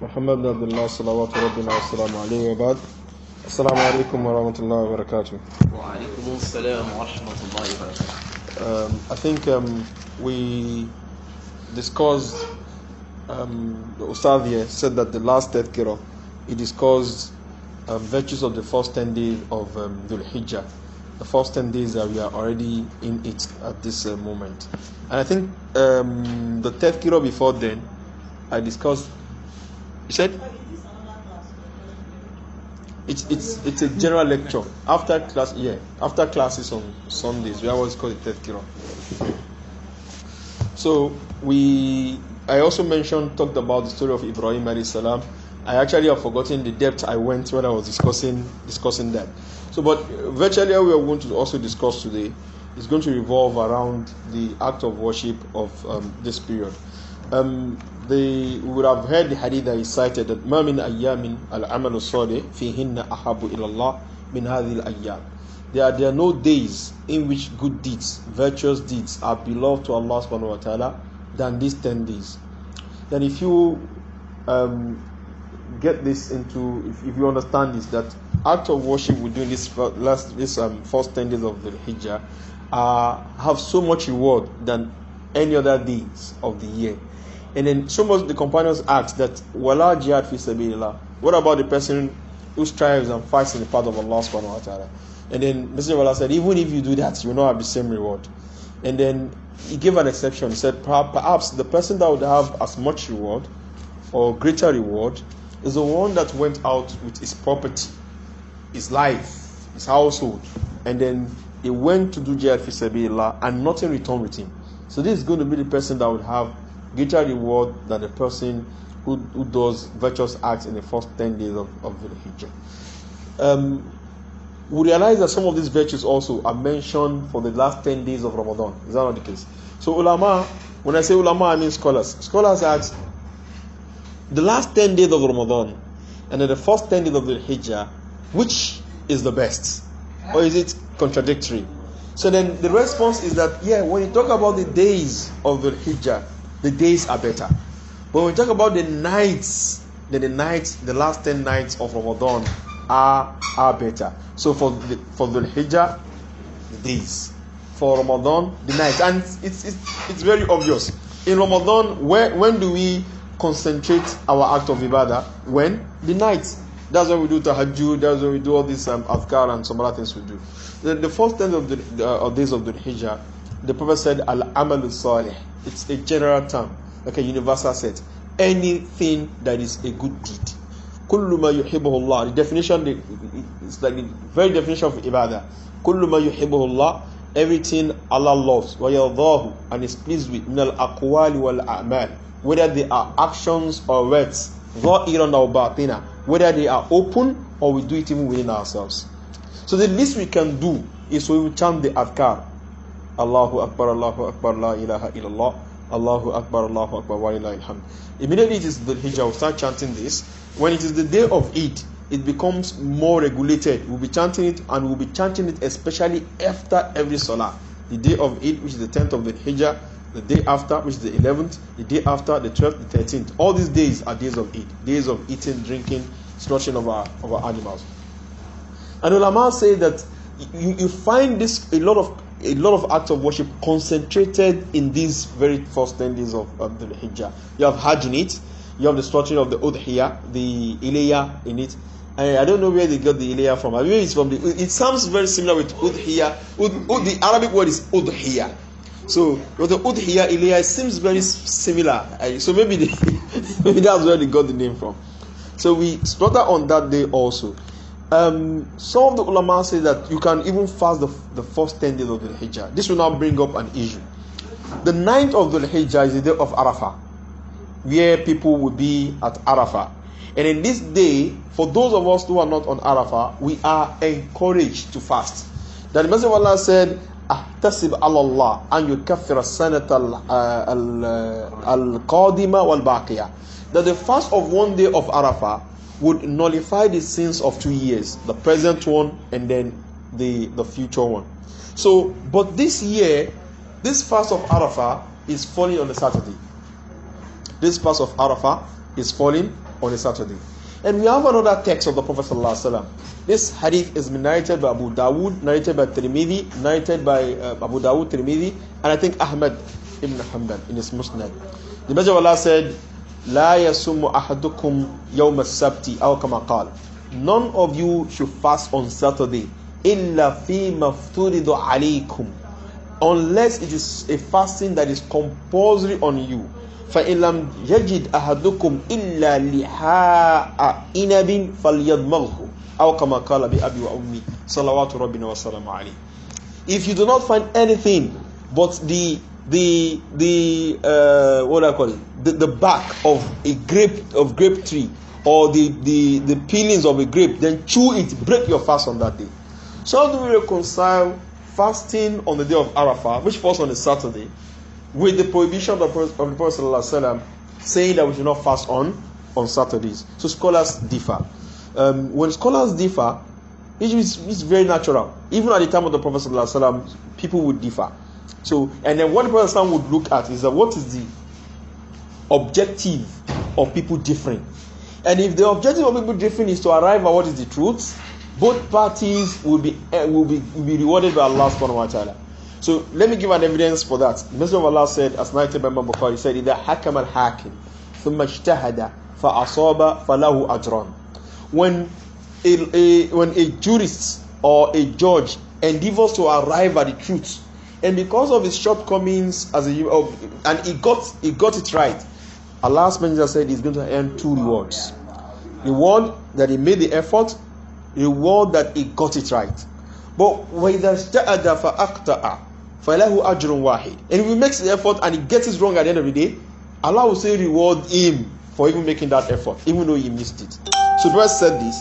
Muhammad ibn Abdullah salawatu rabbina wa salamu alayhi wa ba'd. Assalamu alaikum wa rahmatullahi wa barakatuh. Wa alaikum assalam wa rahmatullahi wa barakatuh. Um, I think um, we discussed, um, the Ustad said that the last Tadkirah, he discussed um, virtues of the first 10 days of um, Dhul Hijjah the first 10 days that we are already in it at this uh, moment. And I think um, the tenth kilo before then, I discussed he said, it's, it's, it's a general lecture after class yeah after classes on Sundays we always call it third So we I also mentioned talked about the story of Ibrahim Mary salam. I actually have forgotten the depth I went when I was discussing discussing that. So but virtually we are going to also discuss today is going to revolve around the act of worship of um, this period. Um, they would have heard the hadith that is cited that ما من al العمل الصالح فيهن أحب إلى الله من هذه there, are no days in which good deeds virtuous deeds are beloved to Allah subhanahu wa ta'ala than these 10 days then if you um, get this into if, if, you understand this that act of worship we do in this last this um, first 10 days of the hijjah uh, have so much reward than any other days of the year and then some of the companions asked that Wala jihad fi What about the person who strives and fights in the path of Allah subhanahu wa ta'ala? And then Messenger of Allah said, Even if you do that, you will not have the same reward. And then he gave an exception. He said, Perhaps the person that would have as much reward or greater reward is the one that went out with his property, his life, his household, and then he went to do jihad fi sabilillah and nothing returned with him. So this is going to be the person that would have greater reward than the person who, who does virtuous acts in the first 10 days of, of the hijrah. Um, we realize that some of these virtues also are mentioned for the last 10 days of Ramadan. Is that not the case? So, ulama, when I say ulama, I mean scholars. Scholars ask the last 10 days of Ramadan and then the first 10 days of the hijrah, which is the best? Or is it contradictory? So then the response is that, yeah, when you talk about the days of the hijrah, The days are better. But when we talk about the nights, then the nights, the last ten nights of Ramadan are, are better. So for the, for the Hijjah, the days. For Ramadan, the nights. And it's, it's, it's very obvious. In Ramadan, where, when do we concentrate our act of ibadah? When? The nights. That's when we do tahajjud, that's when we do all these um, adhkar and some other things we do. The, the first ten of the uh, days of the Hijjah the Prophet said, Al Amalu Salih. It's a general term, like a universal set. Anything that is a good deed. Kulluma yuhibuhullah. The definition is like the very definition of ibadah. Kulluma yuhibuhullah. Everything Allah loves. Wa yadahu. And is pleased with. Min al aqwali wal a'mal. Whether they are actions or words. Dha'iran or batina. Whether they are open or we do it even within ourselves. So the least we can do is we will chant the adhkar. Allahu Akbar, Allahu Akbar, La ilaha illallah, Allahu Akbar, Allahu Akbar, Wa ilham. Immediately it is the Hijjah, we start chanting this. When it is the day of Eid, it becomes more regulated. We'll be chanting it and we'll be chanting it especially after every Salah. The day of Eid, which is the 10th of the Hijjah, the day after, which is the 11th, the day after, the 12th, the 13th. All these days are days of Eid, days of eating, drinking, slaughtering of our, of our animals. And ulama say that you, you find this a lot of a lot of acts of worship concentrated in these very first 10 days of, of the Hijjah. You have Hajj in it, you have the slaughtering of the Udhiyah, the Ilayah in it. I, I don't know where they got the Ilayah from. I mean, it's from the, it sounds very similar with Udhiyah. Ud, ud, the Arabic word is Udhiyah. So, with the Udhiyah, Ilayah seems very similar. So maybe, they, maybe that's where they got the name from. So we slaughter on that day also. Um, some of the ulama say that you can even fast the, the first 10 days of the Hijjah. This will now bring up an issue. The ninth of the Hijjah is the day of Arafah, where people will be at Arafah. And in this day, for those of us who are not on Arafah, we are encouraged to fast. That the Messenger of Allah said, أحتسب على الله أن يكفر السنة القادمة والباقية that the fast of one day of Arafah would nullify the sins of two years the present one and then the the future one so but this year this fast of arafah is falling on a saturday this fast of arafah is falling on a saturday and we have another text of the prophet sallallahu this hadith is narrated by abu dawood narrated by tirmidhi narrated by uh, abu dawood tirmidhi and i think ahmad ibn hanbal in his musnad the messenger of allah said لا يصوم أحدكم يوم السبت أو كما قال None of you should fast on Saturday illa fi mafturidu عليكم unless it is a fasting that is compulsory on you. فإن لم يجد أحدكم إلا لحاء إنب فليضمغه أو كما قال بأبي وأمي صلوات ربنا وسلامه عليه. If you do not find anything but the the the uh, what do I call it the, the bark of a grape of grape tree or the the the peelings of a grape then chew it break your fast on that day so how do we reconcile fasting on the day of Arafah which falls on a Saturday with the prohibition of the Prophet, of the Prophet sallam, saying that we should not fast on on Saturdays so scholars differ um, when scholars differ it is it's very natural even at the time of the Prophet sallam, people would differ So, and then what the Prophet would look at is that what is the objective of people differing? And if the objective of people differing is to arrive at what is the truth, both parties will be uh, will be will be rewarded by Allah subhanahu wa ta'ala. So let me give an evidence for that. The Messenger of Allah said, as narrated by Imam Bukhari, said, إِذَا حَكَمَ الْحَاكِمْ ثُمَّ اجْتَهَدَ فَأَصَابَ فَلَهُ أَجْرًا When a, a, when a jurist or a judge endeavors to arrive at the truth and because of his shortcomings as a of, and he got he got it right Our last messenger said he's going to earn two rewards the one that he made the effort the one that he got it right but وإذا اجتهد فأخطأ فله أجر واحد and if he makes the effort and he gets it wrong at the end of the day allah will say reward him for even making that effort even though he missed it so the said this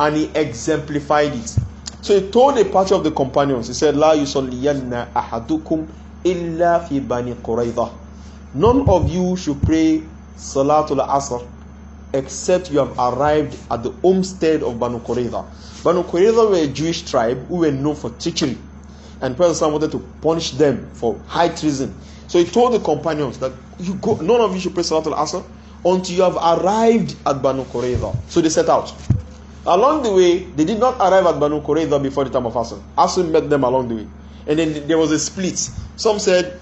and he exemplified it So he told a party of the companions, he said, La yusalliyanna ahadukum illa fi bani Quraidah. None of you should pray Salatul Asr except you have arrived at the homestead of Banu Quraidah. Banu Quraidah were a Jewish tribe who were known for treachery. And Prophet wanted to punish them for high treason. So he told the companions that you go, none of you should pray Salatul Asr until you have arrived at Banu Quraidah. So they set out. Along the way, they did not arrive at Banu Qurayza before the time of Hassan. Hassan met them along the way. And then there was a split. Some said,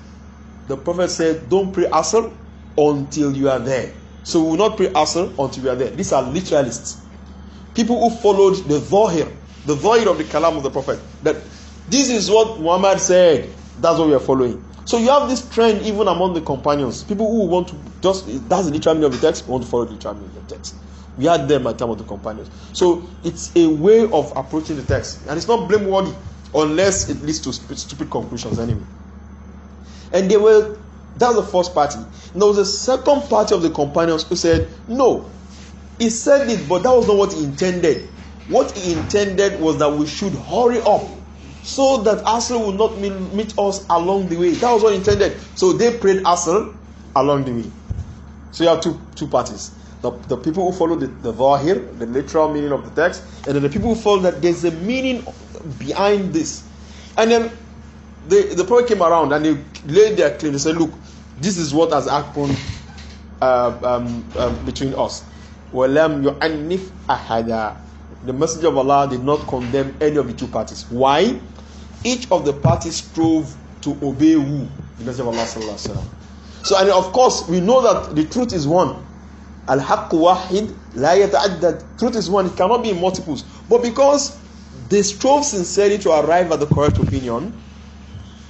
the Prophet said, don't pray Asr until you are there. So we will not pray Asr until we are there. These are literalists. People who followed the Zahir, the Zahir of the Kalam of the Prophet. That this is what Muhammad said. That's what we are following. So you have this trend even among the companions. People who want to just, that's the literal meaning of the text, want to follow the literal meaning of the text. We had them at the time of the companions. So it's a way of approaching the text. And it's not blameworthy unless it leads to stupid conclusions anyway. And they were, that's the first party. And there was a second party of the companions who said, no, he said it, but that was not what he intended. What he intended was that we should hurry up so that Asr would not meet us along the way. That was what he intended. So they prayed Asr along the way. So you have two, two parties. The, the people who follow the, the zahir, the literal meaning of the text, and then the people who follow that there's a meaning behind this. And then the, the prophet came around and they laid their claim. They said, Look, this is what has happened uh, um, um, between us. The Messenger of Allah did not condemn any of the two parties. Why? Each of the parties strove to obey who? The Messenger of Allah. So, and of course, we know that the truth is one. al-haqq wahid la yata'addad. Truth is one, it cannot be in multiples. But because they strove sincerely to arrive at the correct opinion,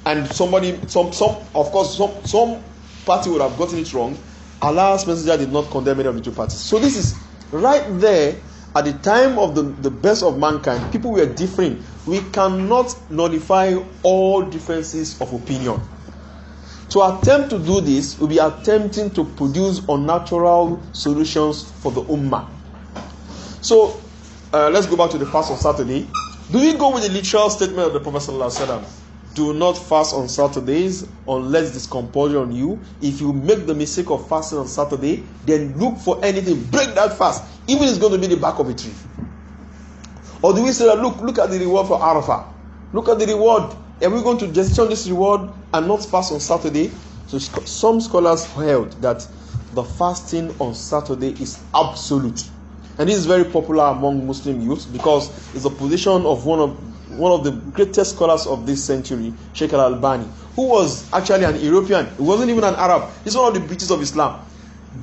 and somebody, some, some, of course, some, some party would have gotten it wrong. Allah's messenger did not condemn any of the two parties. So this is right there at the time of the, the best of mankind. People were differing. We cannot nullify all differences of opinion. To attempt to do this will be attempting to produce unnatural solutions for the ummah. So uh, let's go back to the fast on Saturday. Do we go with the literal statement of the Prophet Sallallahu Do not fast on Saturdays unless this compulsion on you. If you make the mistake of fasting on Saturday, then look for anything. Break that fast, even if it's going to be the back of a tree. Or do we say that look, look at the reward for Arafah? Look at the reward Are we going to jettison this reward and not fast on Saturday? So some scholars held that the fasting on Saturday is absolute. And this is very popular among Muslim youths because it's the position of one of one of the greatest scholars of this century, Sheikh Al Albani, who was actually an European. He wasn't even an Arab. He's one of the beauties of Islam.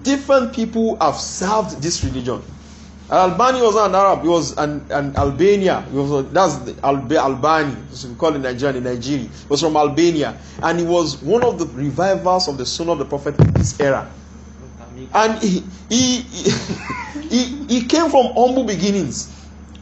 Different people have served this religion. Albani was not an Arab, he was an, an Albania. He was, that's the Alb Albani, so we call it Nigeria, in Nigeria. He was from Albania. And he was one of the revivals of the son of the Prophet in this era. And he, he, he, he came from humble beginnings.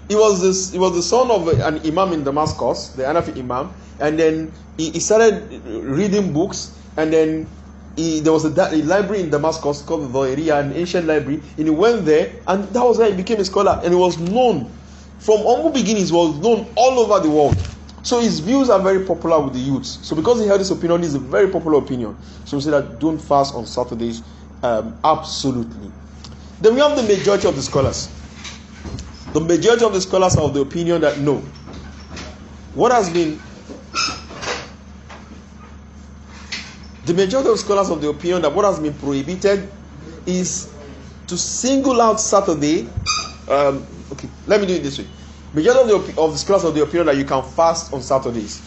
He was, this, he was the son of an imam in Damascus, the Anafi imam. And then he, he started reading books. And then he, there was a, a, library in Damascus called the area, an ancient library, and he went there, and that was where he became a scholar, and he was known from humble beginnings, was known all over the world. So his views are very popular with the youths. So because he held this opinion, it's a very popular opinion. So we say that don't fast on Saturdays, um, absolutely. Then we have the majority of the scholars. The majority of the scholars are of the opinion that no. What has been The majority of scholars of the opinion that what has been prohibited is to single out Saturday. Um, okay, let me do it this way. Majority of the, of the scholars of the opinion that you can fast on Saturdays.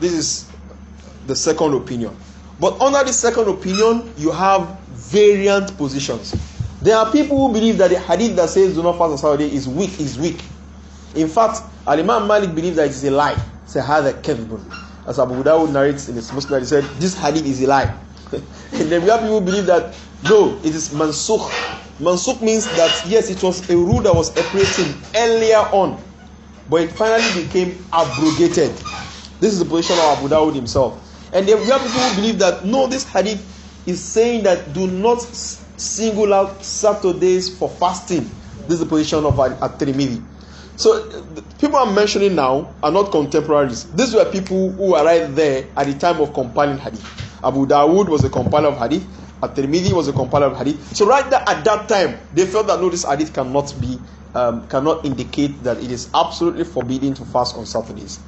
This is the second opinion. But under the second opinion, you have variant positions. There are people who believe that the hadith that says do not fast on Saturday is weak, is weak. In fact, Al Imam Malik believes that it is a lie. Say, how the as Abu Dawud narrates in his Muslim, he said, This hadith is a lie. and then we have people believe that no, it is mansukh. Mansukh means that yes, it was a rule that was operating earlier on, but it finally became abrogated. This is the position of Abu Dawud himself. And then we have people who believe that no, this hadith is saying that do not single out Saturdays for fasting. This is the position of At-Tirmidhi. So uh, the people I'm mentioning now are not contemporaries. These were people who were right there at the time of compiling hadith. Abu Dawood was a compiler of hadith. At-Tirmidhi was a compiler of hadith. So right there at that time, they felt that no, this hadith cannot be, um, cannot indicate that it is absolutely forbidden to fast on Saturdays.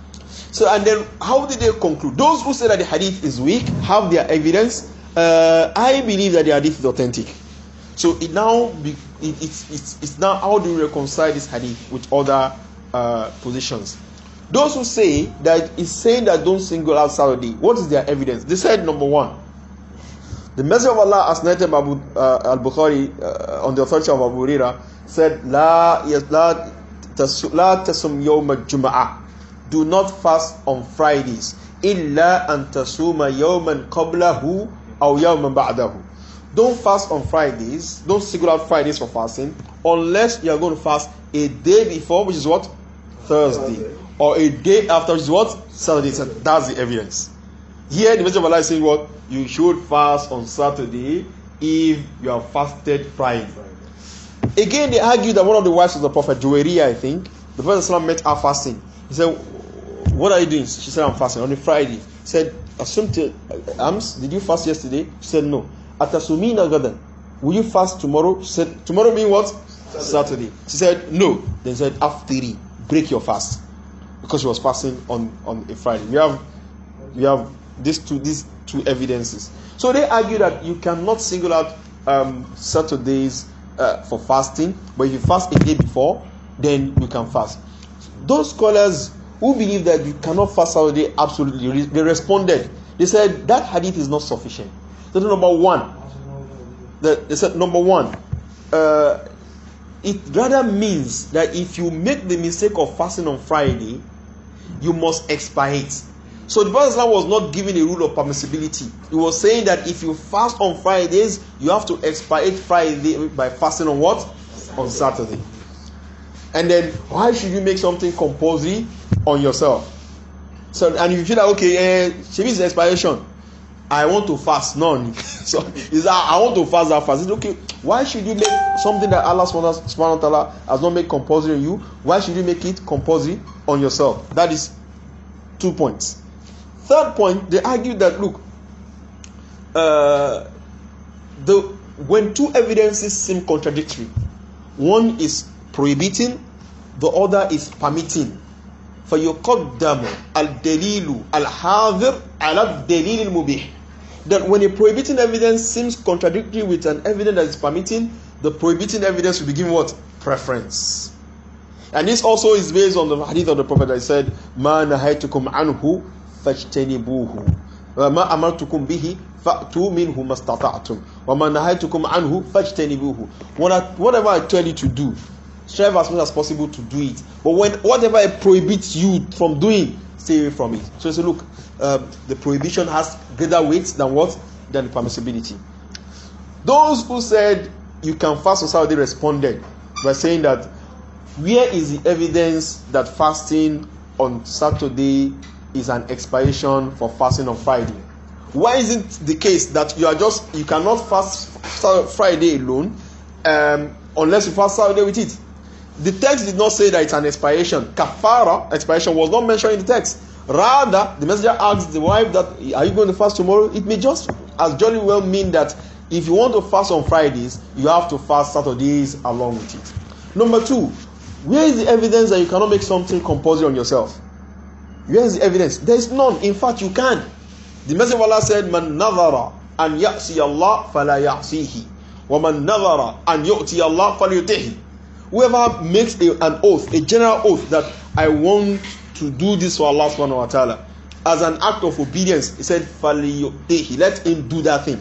So and then how did they conclude? Those who say that the hadith is weak have their evidence. Uh, I believe that the hadith is authentic. So it now be, it, it's, it's, it's now how do you reconcile this hadith with other uh, positions? Those who say that it's saying that don't single out Saturday, what is their evidence? They said number one, the Messenger of Allah, as narrated by Abu, uh, Al Bukhari uh, on the authority of Abu Huraira, said, La, la, tas, la tasum yawma jum'ah. Do not fast on Fridays. Illa an tasuma yawman qablahu aw yawman ba'dahu. don't fast on Fridays, don't single out Fridays for fasting unless you are going to fast a day before, which is what? Thursday. Or a day after, which is what? Saturday. that's the evidence. Here, the message of Allah is saying what? You should fast on Saturday if you have fasted Friday. Again, they argue that one of the wives of the Prophet, Juwairiya, I think, the Prophet met her fasting. He said, What are you doing? She said, I'm fasting on a Friday. He said, Assume to uh, Ams, did you fast yesterday? She said, No. Atasumina garden, Will you fast tomorrow? She said, Tomorrow mean what? Saturday. Saturday. She said, No. Then said, Aftiri, break your fast. Because she was fasting on, on a Friday. We have we have these two these two evidences. So they argue that you cannot single out um, Saturdays uh, for fasting, but if you fast a day before, then you can fast. Those scholars who believe that you cannot fast Saturday absolutely they responded. They said that hadith is not sufficient. That's number one. That, they said number one. Uh, it rather means that if you make the mistake of fasting on Friday, you must expiate. So the Prophet was not giving a rule of permissibility. He was saying that if you fast on Fridays, you have to expiate Friday by fasting on what? Saturday. On Saturday. And then why should you make something compulsory on yourself? So and you feel like okay, eh, she means expiration. I want to fast. None. so he that I want to fast that fast. It's okay. Why should you make something that Allah subhanahu wa ta'ala has not made compulsory on you? Why should you make it compulsory on yourself? That is two points. Third point, they argue that look, uh, the when two evidences seem contradictory, one is prohibiting, the other is permitting. فيقدم الدليل الحاضر على الدليل المبيح That when a prohibiting evidence seems contradictory with an evidence that is permitting, the prohibiting evidence will be given what? Preference. And this also is based on the hadith of the Prophet that said, Ma nahaitukum anhu fajtanibuhu. وما أمرتكم به فأتوا منه ما استطعتم وما نهيتكم anhu فاجتنبوه whatever I tell you to do strive as much as possible to do it but when whatever I prohibit you from doing stay away from it. So he say, look, uh, the prohibition has greater weight than what? Than the permissibility. Those who said you can fast on Saturday responded by saying that where is the evidence that fasting on Saturday is an expiration for fasting on Friday? Why isn't the case that you are just you cannot fast Friday alone um, unless you fast Saturday with it? the text did not say that it's an expiation. Kafara, expiation, was not mentioned in the text. Rather, the messenger asked the wife that, Are you going to fast tomorrow? It may just as jolly well mean that if you want to fast on Fridays, you have to fast Saturdays along with it. Number two, where is the evidence that you cannot make something compulsory on yourself? Where is the evidence? There is none. In fact, you can. The Messenger of Allah said, Man nadhara an ya'si Allah fala ya'sihi. Wa man nadhara an yu'ti Allah fal yutihi whoever makes a, an oath, a general oath that I want to do this for Allah subhanahu wa ta'ala as an act of obedience, he said, Faliyotehi, let him do that thing.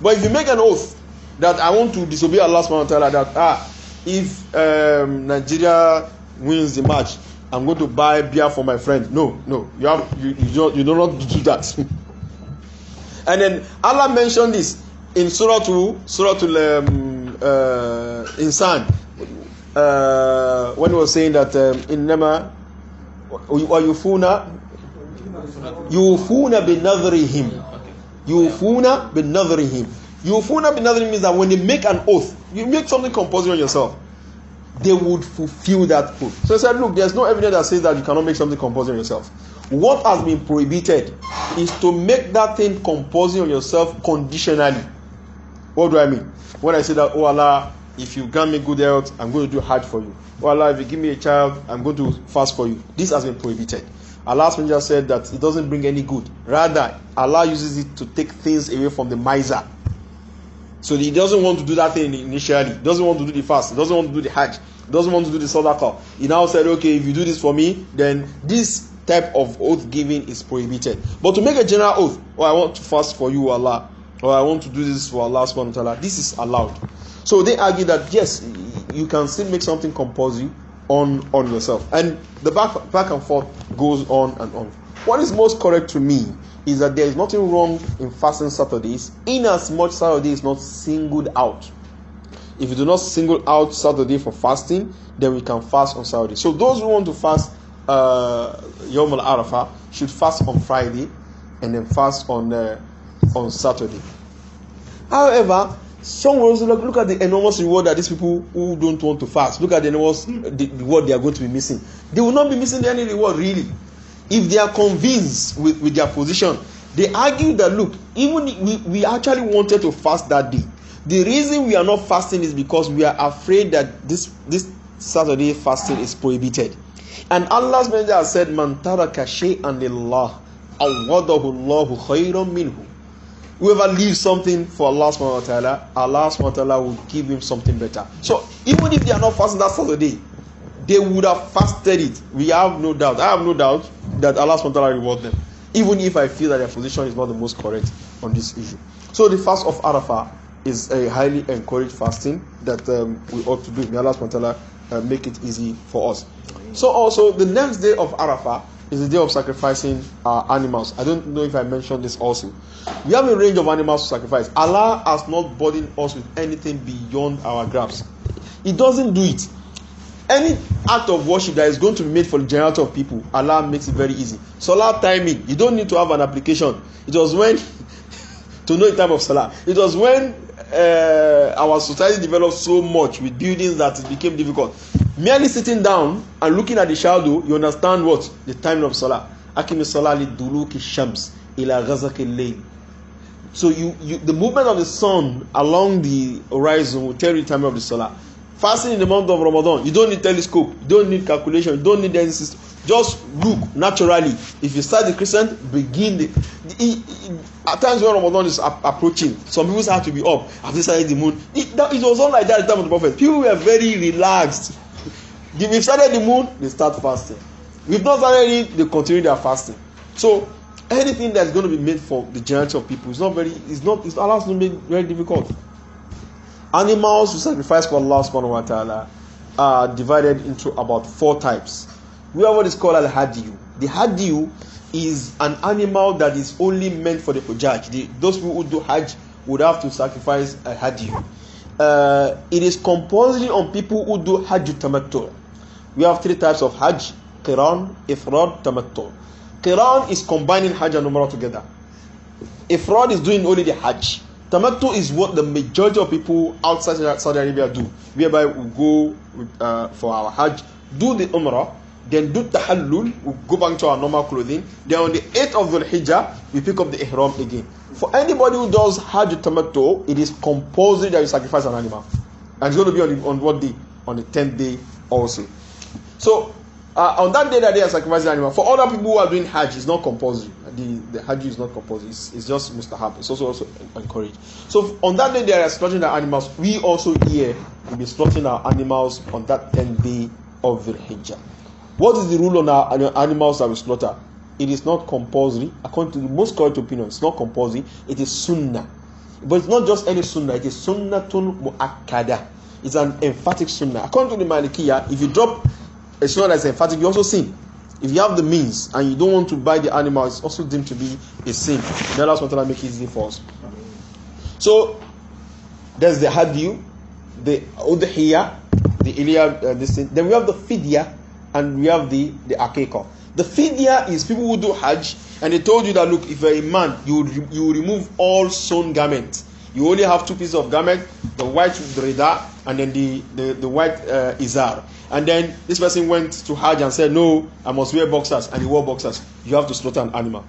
But if you make an oath that I want to disobey Allah subhanahu wa ta'ala, that ah, if um, Nigeria wins the match, I'm going to buy beer for my friend. No, no, you have you you don't you do not do that. and then Allah mentioned this in Surah to Surah to um, uh, Insan uh, when he was saying that um, innama yufuna yufuna bin nadhrihim yufuna bin nadhrihim yufuna bin nadhrihim means that when you make an oath you make something compulsory on yourself they would fulfill that oath so he said look there's no evidence that says that you cannot make something compulsory on yourself what has been prohibited is to make that thing compulsory on yourself conditionally what do i mean when i say that oh allah if you grant me good health i'm going to do hard for you or allah if you give me a child i'm going to fast for you this has been prohibited allah's messenger said that it doesn't bring any good rather allah uses it to take things away from the miser so he doesn't want to do that thing initially he doesn't want to do the fast he doesn't want to do the hajj he doesn't want to do the sadaqa he now said okay if you do this for me then this type of oath giving is prohibited but to make a general oath oh i want to fast for you allah or I want to do this for Allah subhanahu wa ta'ala. This is allowed. So they argue that yes, you can still make something compulsory on, on yourself. And the back, back and forth goes on and on. What is most correct to me is that there is nothing wrong in fasting Saturdays, in as much Saturday is not singled out. If you do not single out Saturday for fasting, then we can fast on Saturday. So those who want to fast uh, Yom Al Arafah should fast on Friday and then fast on uh, on Saturday. However, some will also look, look at the enormous reward that these people who don't want to fast, look at the enormous the, the reward they are going to be missing. They will not be missing any reward really. If they are convinced with, with their position, they argue that look, even we, we actually wanted to fast that day. The reason we are not fasting is because we are afraid that this this Saturday fasting is prohibited. And Allah's messenger said, Man taraka shay'an lillah, awadahu Allahu khayran minhu whoever leaves something for Allah subhanahu wa ta'ala, Allah subhanahu wa ta'ala will give him something better. So even if they are not fasting that Saturday, they would have fasted it. We have no doubt. I have no doubt that Allah subhanahu wa ta'ala reward them. Even if I feel that their position is not the most correct on this issue. So the fast of Arafah is a highly encouraged fasting that um, we ought to do. May Allah subhanahu wa ta'ala uh, make it easy for us. So also the next day of Arafah is the day of sacrificing our animals. I don't know if I mentioned this also. We have a range of animals to sacrifice. Allah has not burdened us with anything beyond our grasp. He doesn't do it. Any act of worship that is going to be made for the generator of people, Allah makes it very easy. Salah timing, you don't need to have an application. It was when, to know the time of Salah, it was when uh, our society developed so much with buildings that it became difficult merely sitting down and looking at the shadow you understand what the time of salah akimi salah li duluki shams ila ghazaki layl so you, you the movement of the sun along the horizon will tell you the time of the salah fasting in the month of ramadan you don't need telescope you don't need calculation you don't need any system just look naturally if you start the crescent begin the, the, the at times when ramadan is ap approaching some people start to be up after starting the moon it, that, it was not like that at the time of the prophet people were very relaxed if we started the moon they start fasting if not started they continue their fasting so anything that is going to be made for the generality of people is not very is not is Allah's not made very difficult animals we sacrifice for Allah subhanahu wa ta'ala are divided into about four types we have what is called al-hadiyu the hadiyu is an animal that is only meant for the hajj the, those people who do hajj would have to sacrifice a hadiyu uh, it is compulsory on people who do hajj tamattu We have three types of Hajj Qiran, Ifrad, Tamattu. Qiran is combining Hajj and Umrah together. Ifrad is doing only the Hajj. Tamattu is what the majority of people outside Saudi Arabia do, whereby we go uh, for our Hajj, do the Umrah, then do tahallul, we go back to our normal clothing. Then on the eighth of Dhul Hijjah, we pick up the ihram again. For anybody who does Hajj Tamattu, it is compulsory that you sacrifice an animal. And it's going to be on, the, on what day? On the tenth day also. So uh, on that day that they are sacrificing animal, for other people who are doing Hajj, it's not compulsory. The, the Hajj is not compulsory. It's, it's just mustahab. It's also also encouraged. So on that day they are slaughtering their animals. We also here will be slaughtering our animals on that 10th day of the Hijjah. What is the rule on our animals that we slaughter? It is not compulsory. According to the most correct opinion, it's not compulsory. It is sunnah. But it's not just any sunnah. It is sunnatun mu'akkada. It's an emphatic sunnah. According to the Malikiya, if you drop it's not as emphatic. You also sin. If you have the means and you don't want to buy the animal, it's also deemed to be a sin. Then Allah SWT make it easy for us. So there's the hadyu, the udhiyah, the iliyah, uh, this thing. Then we have the fidya and we have the the akeka. The fidya is people who do hajj and they told you that look, if you're a man, you you remove all sewn garments. You only have two pieces of garment, the white with the rida and then the the, the white uh, izar. And then this person went to Hajj and said, No, I must wear boxers. And he wore boxers. You have to slaughter an animal.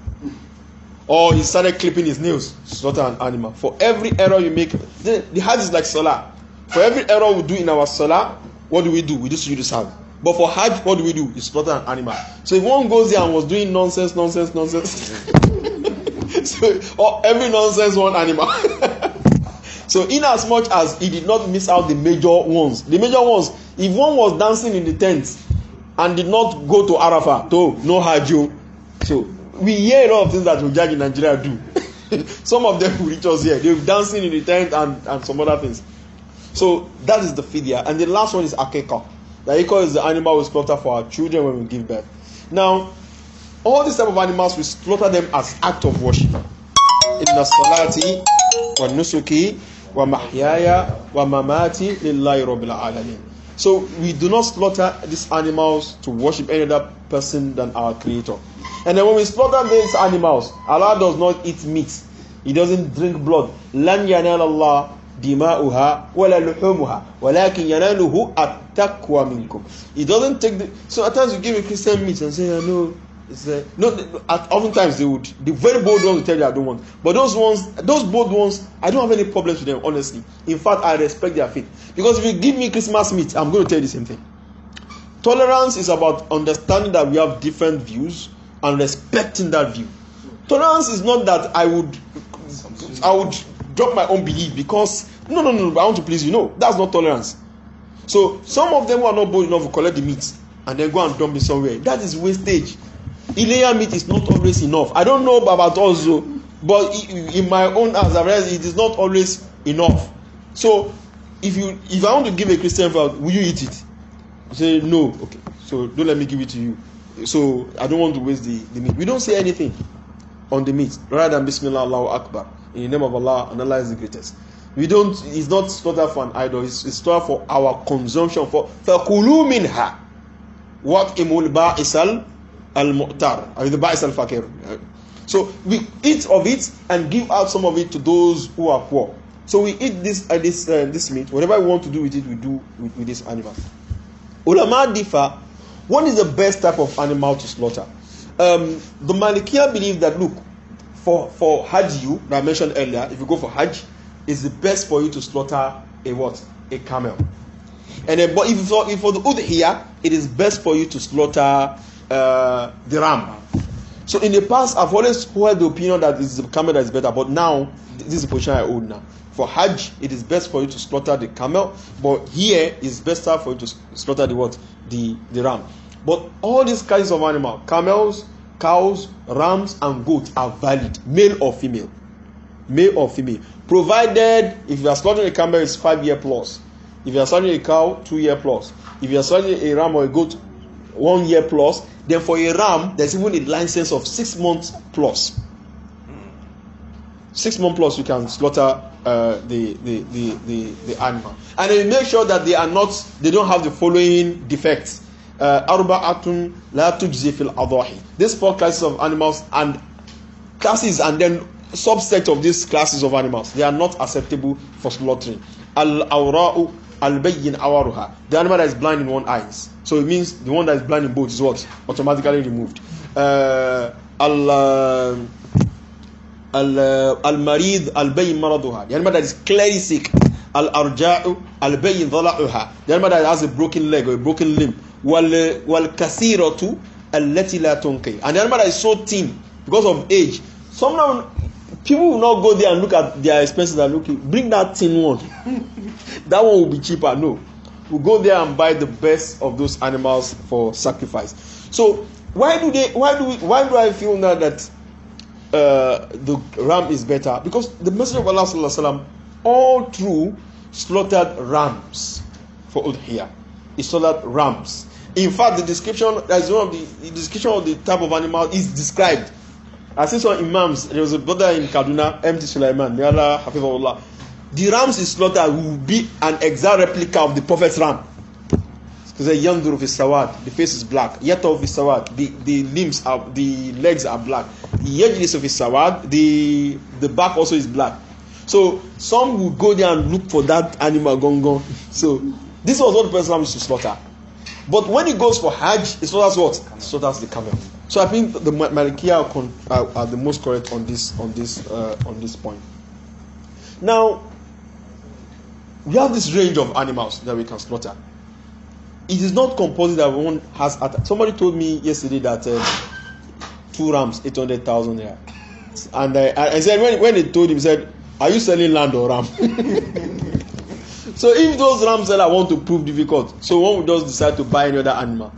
Or he started clipping his nails, slaughter an animal. For every error you make, the, the Hajj is like Salah. For every error we do in our Salah, what do we do? We do sujood sahwi. But for Hajj, what do we do? We slaughter an animal. So if one goes there and was doing nonsense, nonsense, nonsense, so, or every nonsense, one animal. So, in as much as he did not miss out the major ones, the major ones, if one was dancing in the tent and did not go to Arafah, to no Hajj, oh. so we hear a lot of things that Hujjaj in Nigeria do. some of them will reach us here. They're dancing in the tent and, and some other things. So that is the fidya. And the last one is akeka. The akeka is the animal we slaughter for our children when we give birth. Now, all these type of animals, we slaughter them as act of worship. In the salati, wa nusuki, wa mahyaya wa mamati lillahi rabbil alamin. So we do not slaughter these animals to worship any other person than our Creator. And then when we slaughter these animals, Allah does not eat meat. He doesn't drink blood. لن ينال الله دماؤها ولا لحومها ولكن يناله التقوى منكم. He doesn't take the... So at times you give a Christian meat and say, I know say uh, no they, at oftentimes they would the very bold ones will tell you i don't want but those ones those bold ones i don't have any problems with them honestly in fact i respect their faith because if you give me christmas meat i'm going to tell you the same thing tolerance is about understanding that we have different views and respecting that view tolerance is not that i would i would drop my own belief because no no no i want to please you no that's not tolerance so some of them who are not bold enough to collect the meat and then go and dump it somewhere that is wastage iléyà meat is not always enough i don't know about also but in my own as i realize it is not always enough so if you if i want to give a christian vow will you eat it you say no okay so don't let me give it to you so i don't want to waste the the meat we don't say anything on the meat rather than bismillah allahu akbar in the name of allah and allah is the greatest we don't it's not slaughter for an idol it's, it's slaughter for our consumption for fakulu minha what imul ba isal al-mu'tar the ba'is al-fakir so we eat of it and give out some of it to those who are poor so we eat this uh, this uh, this meat whatever we want to do with it we do with, with this animal ulama differ what is the best type of animal to slaughter um, the malikiya believe that look for for hajj you that i mentioned earlier if you go for hajj is the best for you to slaughter a what a camel and then but if for if for the udhiya it is best for you to slaughter uh, the ram. So in the past, I've always heard the opinion that it's the camel that is better, but now this is the position I hold now. For Hajj, it is best for you to slaughter the camel, but here it's best for you to slaughter the what? The the ram. But all these kinds of animal, camels, cows, rams, and goats are valid, male or female. Male or female. Provided if you are slaughtering a camel, it's five year plus. If you are slaughtering a cow, two year plus. If you are slaughtering a ram or a goat, one year plus then for a ram there's even a license of six months plus six months plus you can slaughter uh, the, the, the, the, the animal and then make sure that they are not they don't have the following defects uh, arba'atun la tujzi fil adahi these four classes of animals and classes and then subset of these classes of animals they are not acceptable for slaughtering al awra'u albayyin awaruha. The animal that is blind in one eye. So it means the one that is blind in both is what? Automatically removed. Uh, al, uh, al, uh, al marid maraduha. The animal that is clearly sick. Al arja'u dhala'uha. The animal that has a broken leg or a broken limb. Wal, wal kasiratu allati And the animal that is so thin because of age. Someone people will not go there and look at their expenses and look bring that thin one that one will be cheaper no we we'll go there and buy the best of those animals for sacrifice so why do they why do we why do i feel now that uh, the ram is better because the message of allah sallallahu alaihi wasallam all through slaughtered rams for udhiyah he slaughtered rams in fact the description that is one of the, the description of the type of animal is described I see some imams. There was a brother in Kaduna, M. T. Sulaiman, may Allah Hafizahullah. The rams he slaughtered will be an exact replica of the Prophet's ram. Because the yandur of his sawad, the face is black. Yet of his sawad, the, the limbs are the legs are black. The edges of his sawad, the the back also is black. So some will go there and look for that animal gone gone. So this was what the Prophet used to slaughter. But when he goes for Hajj, he slaughters what? He slaughters the camel. So I think the Malikiya are, con- are, are the most correct on this on this uh, on this point. Now we have this range of animals that we can slaughter. It is not composite that one has. At- Somebody told me yesterday that uh, two rams, eight hundred thousand naira, and I, I said when when they told him, he said, "Are you selling land or ram?" so if those ram seller want to prove difficult, so one would just decide to buy another animal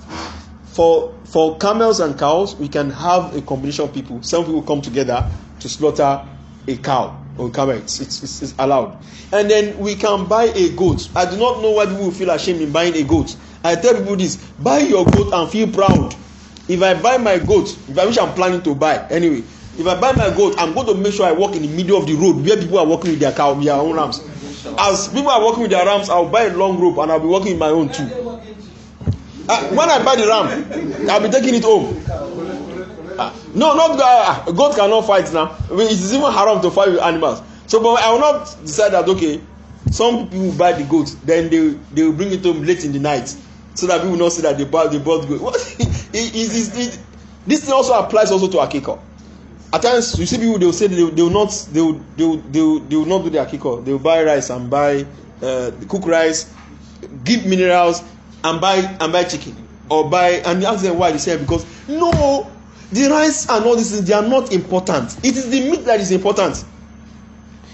for for camels and cows we can have a combination of people some people come together to slaughter a cow or camel it's, it's it's allowed and then we can buy a goat i do not know why people feel ashamed in buying a goat i tell people this buy your goat and feel proud if i buy my goat if i wish i'm planning to buy anyway if i buy my goat i'm going to make sure i walk in the middle of the road where people are walking with their cow their own rams as people are walking with their rams i will buy a long rope and i will be walking with my own too. Uh, ah, when I buy the ram, I'll be taking it home. Uh, no, not uh, ah, God cannot fight now. I mean, it is even haram to fight with animals. So, but I will not decide that okay, some people buy the goat, then they they will bring it home late in the night, so that people not see that they buy they bought goat. What is it, this thing also applies also to akiko. At times you see people they will say they, they will not they will, they will, they will, they will not do the akiko. They will buy rice and buy uh, cook rice, give minerals and buy and buy chicken or buy and ask them why they sell because no the rice and all these things they are not important it is the meat that is important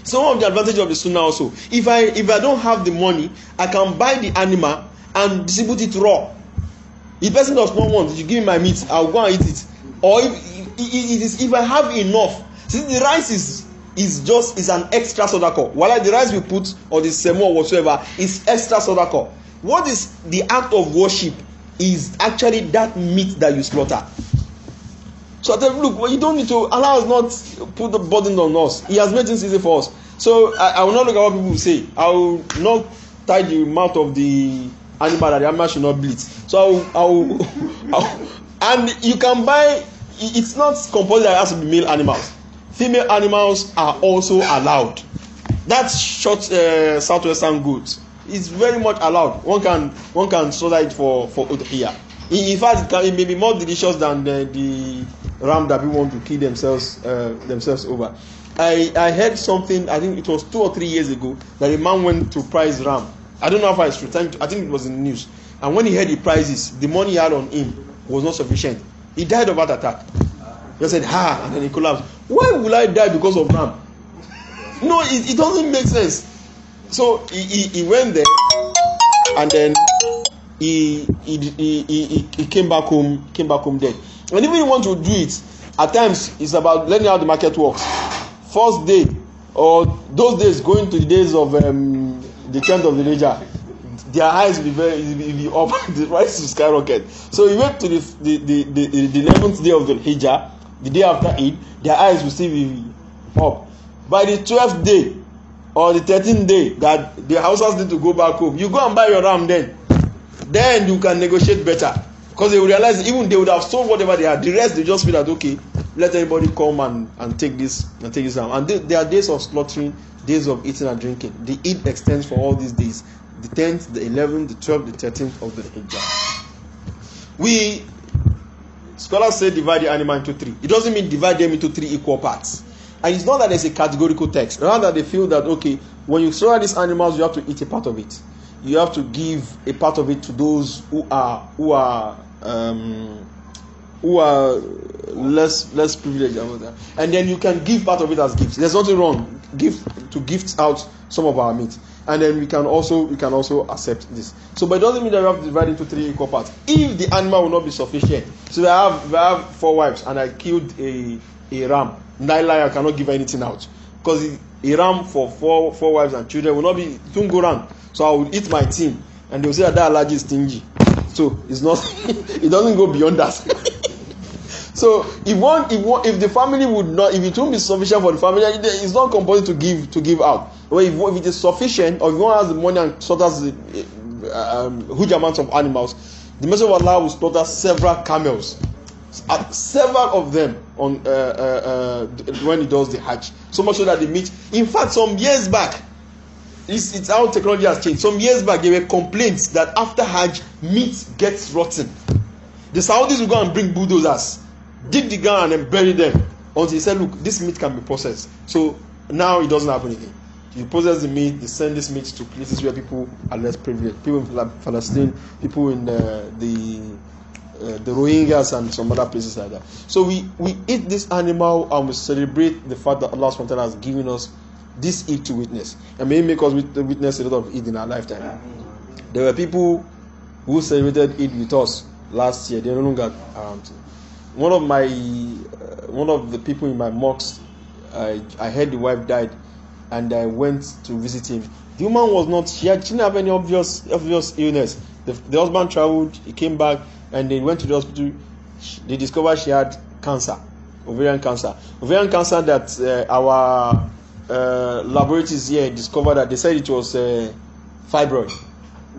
so one of the advantage of the sunnah also if i if i don't have the money i can buy the animal and distribute it raw if person does not want you give me my meat i will go and eat it or if it is if i have enough since the rice is is just is an extra sodako wala the rice we put or the semo or whatsoever is extra sodako what is the act of worship is actually that meat that you slaughter so i tell you look you don't need to allow us not put the burden on us he has made things easy for us so i i will not look at what people say i will not tie the mouth of the animal that the animal should not bleed so i will i will, I will and you can buy it's not compulsory that it has to be male animals female animals are also allowed that's short uh, southwestern goods it's very much allowed one can one can slaughter it for for udhiya in, in fact it, can, it may be more delicious than the, the ram that people want to kill themselves uh, themselves over i i heard something i think it was two or three years ago that a man went to prize ram i don't know if i should time i think it was in the news and when he heard the prices the money he had on him was not sufficient he died of heart attack he said ha ah, and then he collapsed why would i die because of ram no it, it doesn't make sense So he, he, he went there and then he he, he he he came back home came back home dead. And even if you want to do it, at times it's about learning how the market works. First day or those days going to the days of um, the tenth of the Niger, their eyes will be very will be up, the price will skyrocket. So he went to the the the the, the day of the Hijjah, the day after Eid, their eyes will still be up. By the twelfth day, or the thirteenth day that the houses need to go back home you go and buy your ram then then you can negotiate better because they realize even they would have sold whatever they had the rest they just feel that okay let anybody come and and take this and take this ram and there are days of slaughtering days of eating and drinking the eid extends for all these days the tenth the eleventh the twelfth the thirteenth of the hijab we scholars say divide the animal into three it doesn't mean divide them into three equal parts And it's not that there's a categorical text. Rather, they feel that, okay, when you slaughter these animals, you have to eat a part of it. You have to give a part of it to those who are who are um, who are less less privileged and then you can give part of it as gifts there's nothing wrong give to gift out some of our meat and then we can also we can also accept this so but it doesn't mean that we have to divide into three equal parts if the animal will not be sufficient so i have i have four wives and i killed a a ram that liar cannot give anything out because a ram for four four wives and children will not be it won't go round so i will eat my team, and they will say that that allergy is stingy so it's not it doesn't go beyond that so if one if one if the family would not if it won't be sufficient for the family it's not compulsory to give to give out Well, if, if it is sufficient or if one has the money and slaughters eh, um, huge amounts of animals the messenger of allah will slaughter several camels Uh, several of them on uh, uh, uh, when he does the hatch So much so that they meet. In fact, some years back, it's, it's how technology has changed. Some years back, there were complaints that after Hajj, meat gets rotten. The Saudis will go and bring bulldozers, dig the ground and then bury them. Until he said, look, this meat can be processed. So now it doesn't happen again. You process the meat, they send this meat to places where people are less privileged. People in Palestine, people in uh, the, the uh, the Rohingyas and some other places like that. So we, we eat this animal and we celebrate the fact that Allah SWT has given us this Eid to witness. And may make us witness a lot of Eid in our lifetime. There were people who celebrated Eid with us last year. They no longer around. Um, one of my, uh, one of the people in my mosque, I, I heard the wife died, and I went to visit him. The woman was not. She, had, she didn't have any obvious obvious illness. The, the husband traveled. He came back and they went to the hospital. They discovered she had cancer, ovarian cancer. Ovarian cancer that uh, our uh, laboratories here discovered that they said it was uh, fibroid.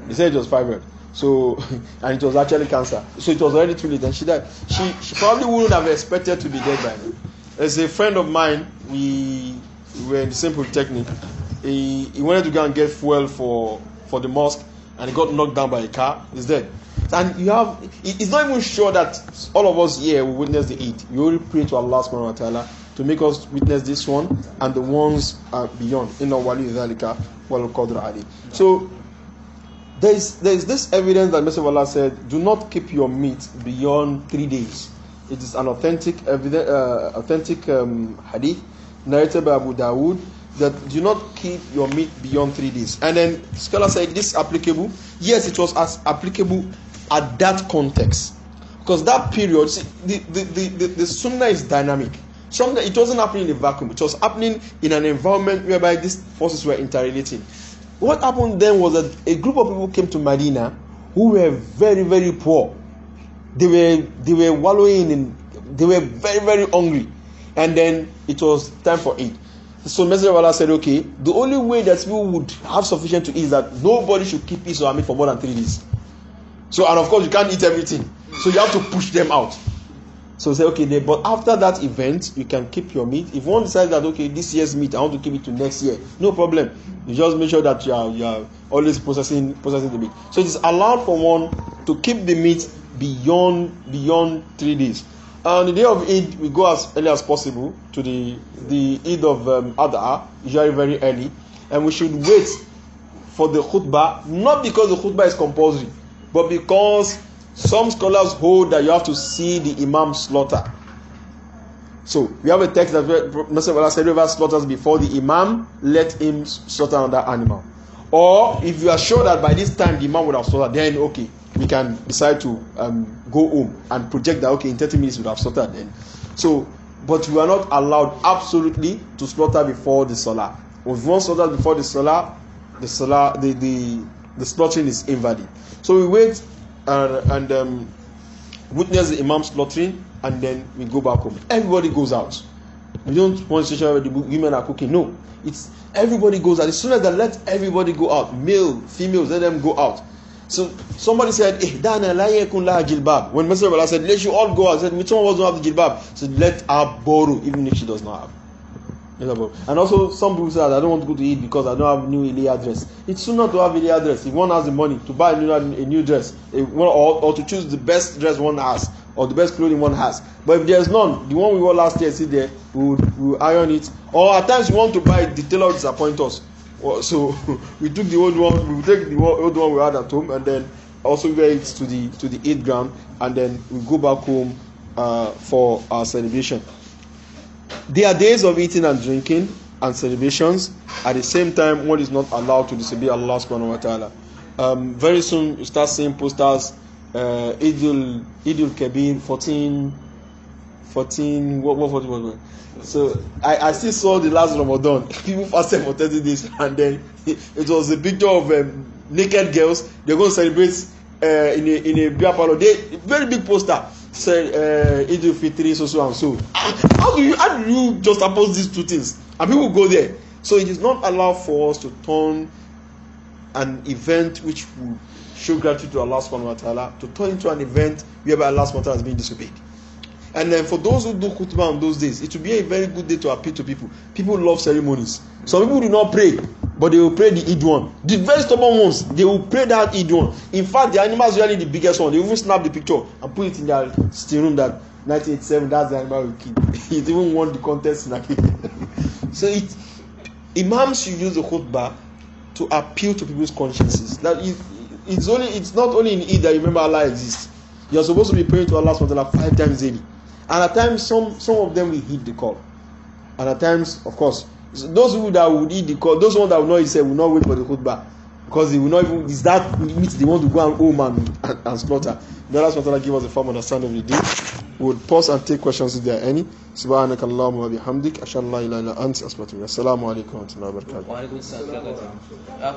They said it was fibroid. So, and it was actually cancer. So it was already too late, and she died. She, she probably wouldn't have expected to be dead by now. As a friend of mine, we, were in the same polytechnic. He, he wanted to go and get fuel for, for the mosque, and he got knocked down by a car. He's dead. And you have, it's not even sure that all of us here will witness the Eid. You only pray to Allah subhanahu wa ta'ala to make us witness this one and the ones uh, beyond. Inna wali dhalika wal qadr ali. So, there is, there is this evidence that Messenger of Allah said, do not keep your meat beyond three days. It is an authentic, evident, uh, authentic um, hadith narrated by Abu Dawood that do not keep your meat beyond three days. And then scholar said this applicable. Yes, it was as applicable at that context. Because that period, see, the, the, the, the, the sunnah is dynamic. Sometimes it wasn't happening in a vacuum, it was happening in an environment whereby these forces were interrelating. What happened then was that a group of people came to Medina who were very, very poor. They were they were wallowing in they were very, very hungry. And then it was time for eat. So Messenger of Allah said, Okay, the only way that people would have sufficient to eat is that nobody should keep peace or meat for more than three days. So, and of course, you can't eat everything. So, you have to push them out. So, say, okay, they, but after that event, you can keep your meat. If one decides that, okay, this year's meat, I want to keep it to next year, no problem. You just make sure that you are, you are always processing, processing the meat. So, it is allowed for one to keep the meat beyond, beyond three days. On the day of Eid, we go as early as possible to the, the Eid of um, Adha, usually very early. And we should wait for the khutbah, not because the khutbah is compulsory but because some scholars hold that you have to see the imam slaughter. So we have a text that Messenger said, whoever slaughters before the imam, let him slaughter another animal. Or if you are sure that by this time the imam would have slaughtered, then okay, we can decide to um, go home and project that okay, in 30 minutes we would have slaughtered then. So, but we are not allowed absolutely to slaughter before the salah. If one slaughter before the salah, the salah, the, the the slaughtering is invalid. So we wait and, and um, witness the Imam slaughtering and then we go back home. Everybody goes out. We don't want to where the women are cooking. No, it's everybody goes out. As soon as they let everybody go out, male, females, let them go out. So somebody said, Ihdana eh, la yakun la jilbab. When Messenger of Allah said, let you all go out, I said, which one was not have the jilbab? So let her borrow, even if she does not have. And also, some people say, that I don't want to go to Eid because I don't have new Ilya dress. It's sooner to have Ilya dress if one has the money to buy a new, a new dress or, or to choose the best dress one has or the best clothing one has. But if there's none, the one we wore last year, see there, we would, we iron it. Or at times, we want to buy the tailor disappoint us. So we took the old one, we take the old one we had at home, and then also wear it to the to the Eid ground, and then we go back home uh, for our celebration. There are days of eating and drinking and celebrations. At the same time, one is not allowed to disobey Allah subhanahu wa ta'ala. Um, very soon, you start seeing posters uh, Idul Idul Kabir 14, 14 what, what, what, what, what. So I, I still saw the last Ramadan. People fasted for 30 days and then it was a picture of um, naked girls. They go celebrate uh, in, a, in a beer parlor. They, very big poster said uh, Idil Fitri so so and so. How do you how do you just oppose these two things? And people go there. So it is not allowed for us to turn an event which will show gratitude to Allah subhanahu wa ta'ala to turn into an event whereby Allah subhanahu wa ta'ala has been disobeyed. And then for those who do khutbah on those days, it will be a very good day to appeal to people. People love ceremonies. Some people do not pray but they will pray the hid one the very stubborn ones they will pray that hid one in fact the animals is usually the biggest one they even snap the picture and put it in their still room that 1987 that's the animal we keep. it even won the contest in akeke so it imams should use the khutbah to appeal to people's consciences that it it's only it's not only in Eid that you remember Allah exists you are supposed to be praying to Allah subhanahu five times daily and at times some some of them will heed the call and at times of course those people that would eat the corn, those ones that would not eat would not wait for the khutbah because they would not even is that meat they want to go and home man and, and slaughter. The Allah subhanahu wa give us the farm understand of the day. We would pause and take questions if there are any. سبحانك اللهم وبحمدك أشهد أن لا إله إلا أنت أستغفرك السلام عليكم ورحمة الله